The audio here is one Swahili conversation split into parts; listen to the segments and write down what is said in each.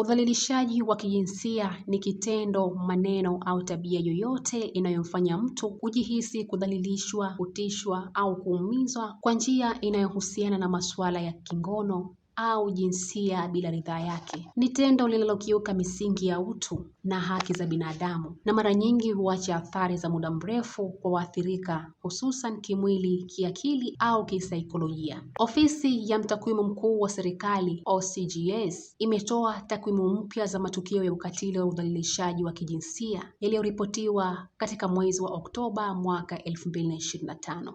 Udhalilishaji wa kijinsia ni kitendo, maneno au tabia yoyote inayomfanya mtu kujihisi kudhalilishwa, kutishwa au kuumizwa kwa njia inayohusiana na masuala ya kingono au jinsia bila ridhaa yake. Ni tendo linalokiuka misingi ya utu na haki za binadamu, na mara nyingi huacha athari za muda mrefu kwa waathirika, hususan kimwili, kiakili au kisaikolojia. Ofisi ya mtakwimu mkuu wa serikali OCGS imetoa takwimu mpya za matukio ya ukatili wa udhalilishaji wa kijinsia yaliyoripotiwa katika mwezi wa Oktoba mwaka 2025.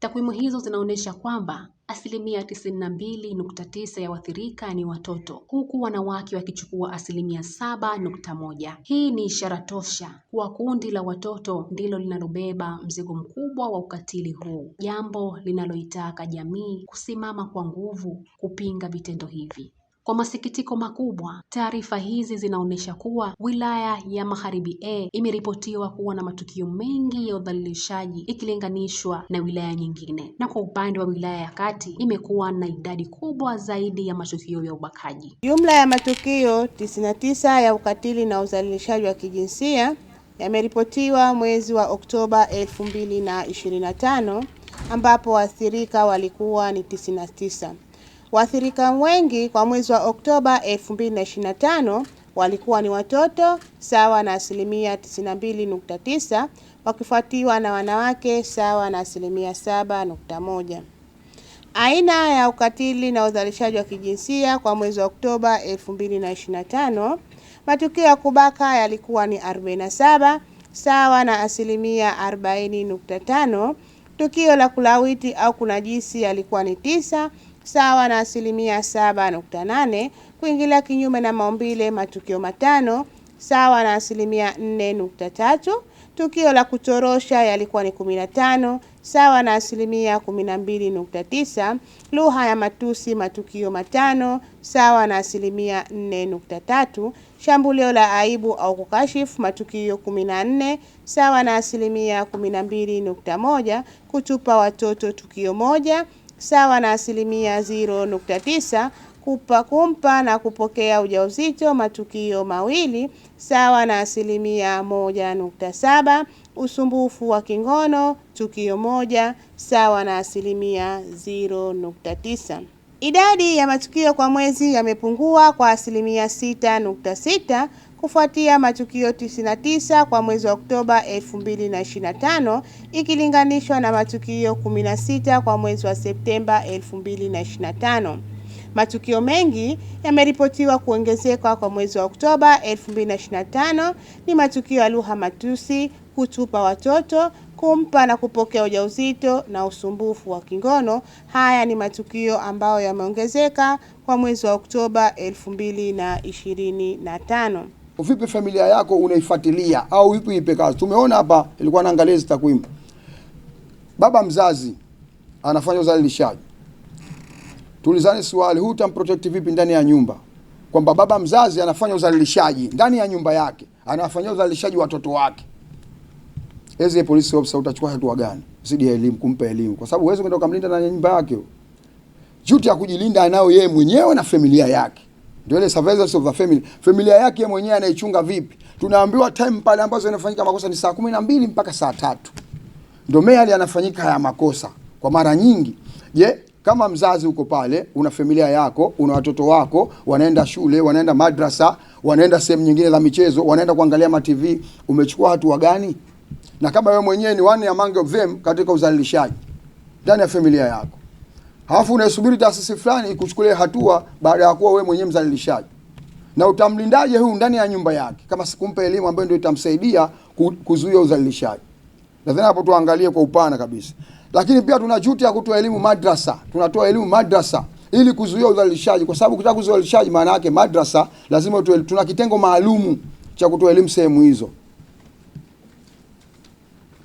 Takwimu hizo zinaonyesha kwamba asilimia tisini na mbili nukta tisa ya waathirika ni watoto huku wanawake wakichukua asilimia saba nukta moja. Hii ni ishara tosha kuwa kundi la watoto ndilo linalobeba mzigo mkubwa wa ukatili huu, jambo linaloitaka jamii kusimama kwa nguvu kupinga vitendo hivi. Kwa masikitiko makubwa, taarifa hizi zinaonyesha kuwa wilaya ya Magharibi A imeripotiwa kuwa na matukio mengi ya udhalilishaji ikilinganishwa na wilaya nyingine, na kwa upande wa wilaya ya Kati imekuwa na idadi kubwa zaidi ya matukio ya ubakaji. Jumla ya matukio 99 ya ukatili na udhalilishaji wa kijinsia yameripotiwa mwezi wa Oktoba 2025 ambapo waathirika walikuwa ni 99. Waathirika wengi kwa mwezi wa Oktoba 2025 walikuwa ni watoto sawa na asilimia 92.9, wakifuatiwa na wanawake sawa na asilimia 7.1. Aina ya ukatili na udhalilishaji wa kijinsia kwa mwezi wa Oktoba 2025, matukio ya kubaka yalikuwa ni 47 sawa na asilimia 40.5. Tukio la kulawiti au kunajisi yalikuwa ni tisa sawa na asilimia 7.8, kuingilia kinyume na maumbile matukio matano sawa na asilimia 4.3. Tukio la kutorosha yalikuwa ni 15 sawa na asilimia 12.9. Lugha ya matusi matukio matano sawa na asilimia 4.3. Shambulio la aibu au kukashifu matukio 14 sawa na asilimia 12.1. Kutupa watoto tukio moja sawa na asilimia 0.9 kupa kumpa na kupokea ujauzito matukio mawili sawa na asilimia 1.7 usumbufu wa kingono tukio moja sawa na asilimia 0.9. Idadi ya matukio kwa mwezi yamepungua kwa asilimia 6.6 kufuatia matukio 99 kwa mwezi wa Oktoba 2025 ikilinganishwa na matukio 16 kwa mwezi wa Septemba 2025. Matukio mengi yameripotiwa kuongezeka kwa mwezi wa Oktoba 2025 ni matukio ya lugha matusi, kutupa watoto, kumpa na kupokea ujauzito na usumbufu wa kingono. Haya ni matukio ambayo yameongezeka kwa mwezi wa Oktoba 2025 vipi familia yako unaifuatilia au vipi ipe kazi. Tumeona hapa, ilikuwa naangalia hizo takwimu. Baba mzazi anafanya uzalishaji, tulizane swali, huu utamprotect vipi ndani ya nyumba? Kwamba baba mzazi anafanya uzalishaji ndani ya nyumba yake, anafanya uzalishaji watoto wake. As a police officer utachukua hatua gani zidi ya elimu, kumpa elimu, kwa sababu huwezi kwenda kumlinda na nyumba yake. Juti ya kujilinda anayo yeye mwenyewe na familia yake ndio ile surveillance of the family. Familia yake mwenyewe anaichunga vipi? Tunaambiwa time pale ambazo inafanyika makosa ni saa kumi na mbili mpaka saa tatu ndio meali anafanyika haya makosa kwa mara nyingi. Je, kama mzazi uko pale, una familia yako, una watoto wako wanaenda shule, wanaenda madrasa, wanaenda sehemu nyingine za michezo, wanaenda kuangalia ma TV, umechukua hatua gani? Na kama wewe mwenyewe ni one among them katika uzalishaji ndani ya familia yako halafu unasubiri taasisi fulani ikuchukulie hatua baada ya kuwa wewe mwenyewe mzalilishaji. Na utamlindaje huyu ndani ya nyumba yake kama sikumpa elimu ambayo ndio itamsaidia kuzuia uzalilishaji? Nadhani hapo tuangalie kwa upana kabisa. Lakini pia tuna juti ya kutoa elimu madrasa, tunatoa elimu madrasa ili kuzuia udhalilishaji, kwa sababu kutaka kuzuia udhalilishaji, maana yake madrasa lazima tuwe, tuna kitengo maalumu cha kutoa elimu sehemu hizo.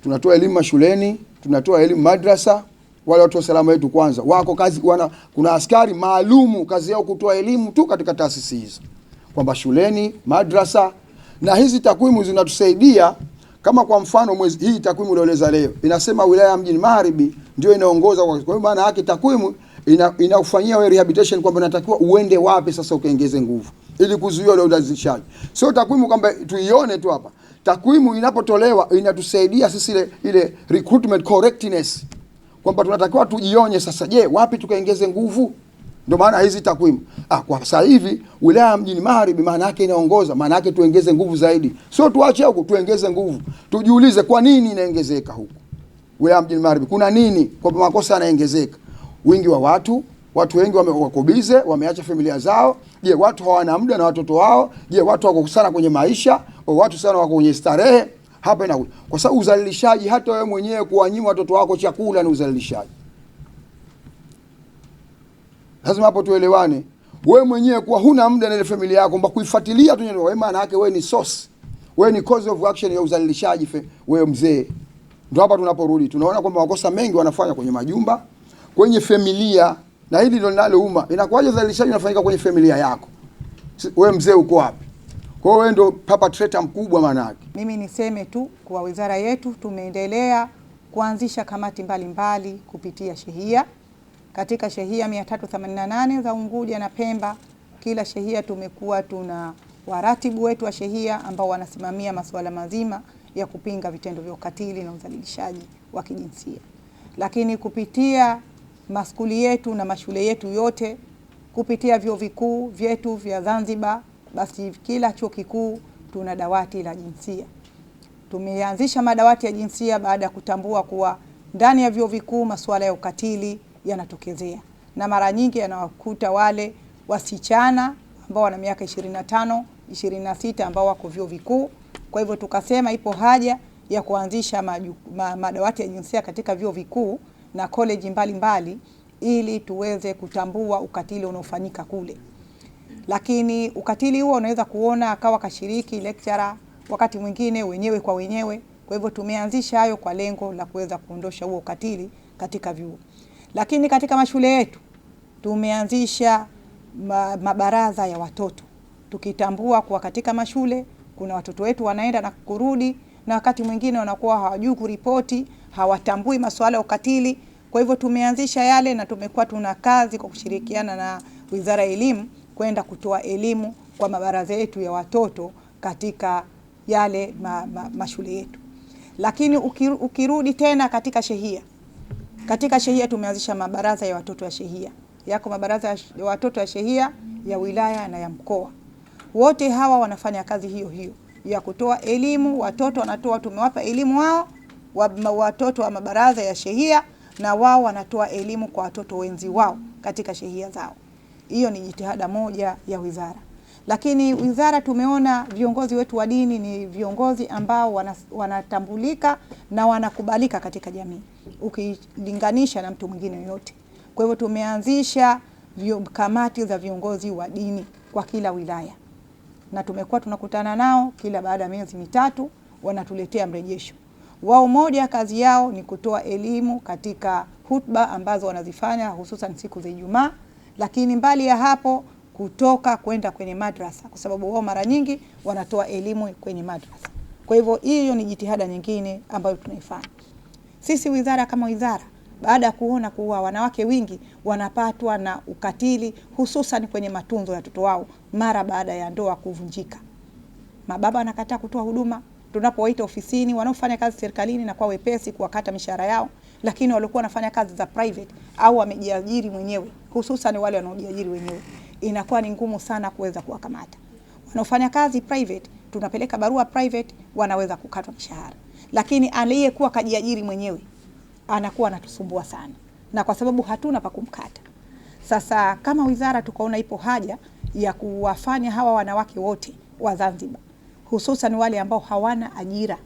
Tunatoa elimu mashuleni, tunatoa elimu madrasa wale watu wa usalama wetu kwanza wako kazi wana, kuna askari maalumu kazi yao kutoa elimu tu katika taasisi hizi kwamba shuleni, madrasa. Na hizi takwimu zinatusaidia kama kwa mfano mwezi hii takwimu ilieleza leo inasema wilaya ya mjini Magharibi ndio inaongoza. Kwa hiyo maana yake takwimu inaufanyia ina wewe rehabilitation kwamba unatakiwa uende wapi sasa ukaongeze nguvu ili kuzuia ule udhalilishaji. Sio takwimu kwamba tuione tu hapa, takwimu inapotolewa inatusaidia sisi ile, ile recruitment correctness kwamba tunatakiwa tujionye sasa, je, wapi tukaongeze nguvu? Ndio maana hizi takwimu ah, kwa sasa hivi wilaya ya mjini Magharibi maana yake inaongoza, maana yake tuongeze nguvu zaidi, sio tuache huko, tuongeze nguvu. Tujiulize kwa nini inaongezeka huko wilaya mjini Magharibi, kuna nini kwa makosa yanaongezeka? Wingi wa watu, watu wengi wame, wameacha familia zao. Je, watu hawana muda na watoto wao? Je, watu wako sana kwenye maisha? Watu sana wako kwenye starehe hapa inakuja. Kwa sababu uzalishaji, hata wewe mwenyewe kuwanyima watoto wako chakula ni uzalishaji. Lazima hapo tuelewane. Wewe mwenyewe kuwa huna muda na ile familia yako mba kuifuatilia tu, wewe maana yake wewe ni source, wewe ni cause of action ya uzalishaji Wewe mzee, ndio hapa tunaporudi tunaona kwamba makosa mengi wanafanya kwenye majumba, kwenye familia, na hili ndio linalouma. Inakuwaje uzalishaji unafanyika kwenye familia yako? Wewe mzee uko wapi? Kwa hiyo wewe ndio perpetrator mkubwa manake. Mimi niseme tu kwa wizara yetu tumeendelea kuanzisha kamati mbalimbali mbali kupitia shehia. Katika shehia 388 za Unguja na Pemba, kila shehia tumekuwa tuna waratibu wetu wa shehia ambao wanasimamia masuala mazima ya kupinga vitendo vya ukatili na udhalilishaji wa kijinsia. Lakini kupitia maskuli yetu na mashule yetu yote, kupitia vyuo vikuu vyetu vya Zanzibar basi kila chuo kikuu tuna dawati la jinsia. Tumeanzisha madawati ya jinsia baada ya kutambua kuwa ndani ya vyuo vikuu masuala ya ukatili yanatokezea, na mara nyingi yanawakuta wale wasichana ambao wana miaka 25, 26 ambao wako vyuo vikuu. Kwa hivyo tukasema ipo haja ya kuanzisha maju, ma, madawati ya jinsia katika vyuo vikuu na koleji mbalimbali ili tuweze kutambua ukatili unaofanyika kule lakini ukatili huo unaweza kuona akawa kashiriki lecturer, wakati mwingine wenyewe kwa wenyewe. Kwa hivyo tumeanzisha hayo kwa lengo la kuweza kuondosha huo ukatili katika vyuo, lakini katika mashule yetu tumeanzisha mabaraza ya watoto, tukitambua kuwa katika mashule kuna watoto wetu wanaenda na kurudi, na wakati mwingine wanakuwa hawajui kuripoti, hawatambui masuala ya ukatili. Kwa hivyo tumeanzisha yale na tumekuwa tuna kazi kwa kushirikiana na Wizara ya Elimu kwenda kutoa elimu kwa mabaraza yetu ya watoto katika yale ma, ma, mashule yetu. Lakini ukirudi tena katika shehia, katika shehia tumeanzisha mabaraza ya watoto ya shehia. Yako mabaraza ya watoto ya shehia ya wilaya na ya mkoa, wote hawa wanafanya kazi hiyo hiyo ya kutoa elimu watoto wanatoa, tumewapa elimu wao wa, watoto wa mabaraza ya shehia na wao wanatoa elimu kwa watoto wenzi wao katika shehia zao. Hiyo ni jitihada moja ya wizara, lakini wizara tumeona viongozi wetu wa dini ni viongozi ambao wana, wanatambulika na wanakubalika katika jamii ukilinganisha na mtu mwingine yoyote. Kwa hivyo tumeanzisha kamati za viongozi wa dini kwa kila wilaya na tumekuwa tunakutana nao kila baada ya miezi mitatu, wanatuletea mrejesho wao. Moja kazi yao ni kutoa elimu katika hutba ambazo wanazifanya hususan siku za Ijumaa. Lakini mbali ya hapo kutoka kwenda kwenye madrasa, kwa sababu wao mara nyingi wanatoa elimu kwenye madrasa. Kwa hivyo hiyo ni jitihada nyingine ambayo tunaifanya sisi wizara kama wizara, baada ya kuona kuwa wanawake wingi wanapatwa na ukatili, hususan kwenye matunzo ya watoto wao mara baada ya ndoa kuvunjika. Mababa wanakataa kutoa huduma, tunapowaita ofisini, wanaofanya kazi serikalini na kwa wepesi kuwakata mishahara yao lakini waliokuwa wanafanya kazi za private au wamejiajiri mwenyewe, hususan wale wanaojiajiri wenyewe, inakuwa ni ngumu sana kuweza kuwakamata. Wanaofanya kazi private, tunapeleka barua private, wanaweza kukatwa mshahara, lakini aliyekuwa kajiajiri mwenyewe anakuwa anatusumbua sana, na kwa sababu hatuna pa kumkata. Sasa kama wizara tukaona ipo haja ya kuwafanya hawa wanawake wote wa Zanzibar, hususan wale ambao hawana ajira,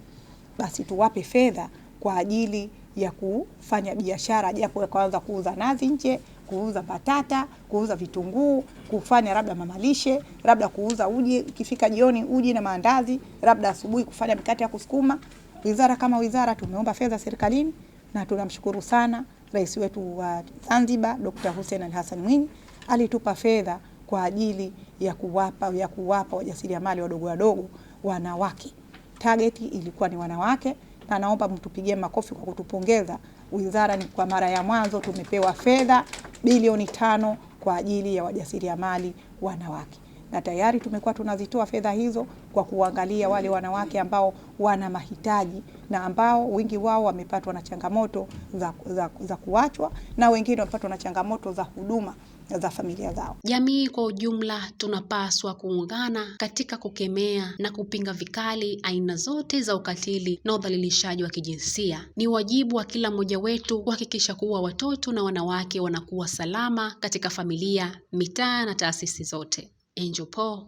basi tuwape fedha kwa ajili ya kufanya biashara, japo kwanza kuuza nazi nje, kuuza batata, kuuza vitunguu, kufanya labda mamalishe, labda kuuza uji, ikifika jioni uji na maandazi, labda asubuhi kufanya mikate ya kusukuma. Wizara kama wizara tumeomba fedha serikalini na tunamshukuru sana rais wetu wa Zanzibar Dr. Hussein Ali Hassan Mwinyi alitupa fedha kwa ajili ya kuwapa ya kuwapa wajasiriamali wadogo wadogo wanawake. Target ilikuwa ni wanawake na naomba mtupigie makofi kwa kutupongeza wizara. Ni kwa mara ya mwanzo tumepewa fedha bilioni tano kwa ajili ya wajasiriamali wanawake na tayari tumekuwa tunazitoa fedha hizo kwa kuangalia wale wanawake ambao wana mahitaji na ambao wengi wao wamepatwa na changamoto za, za, za kuachwa na wengine wamepatwa na changamoto za huduma za familia zao. Jamii kwa ujumla tunapaswa kuungana katika kukemea na kupinga vikali aina zote za ukatili na udhalilishaji wa kijinsia. Ni wajibu wa kila mmoja wetu kuhakikisha kuwa watoto na wanawake wanakuwa salama katika familia, mitaa na taasisi zote. Angel Paul,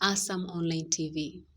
ASAM Online TV.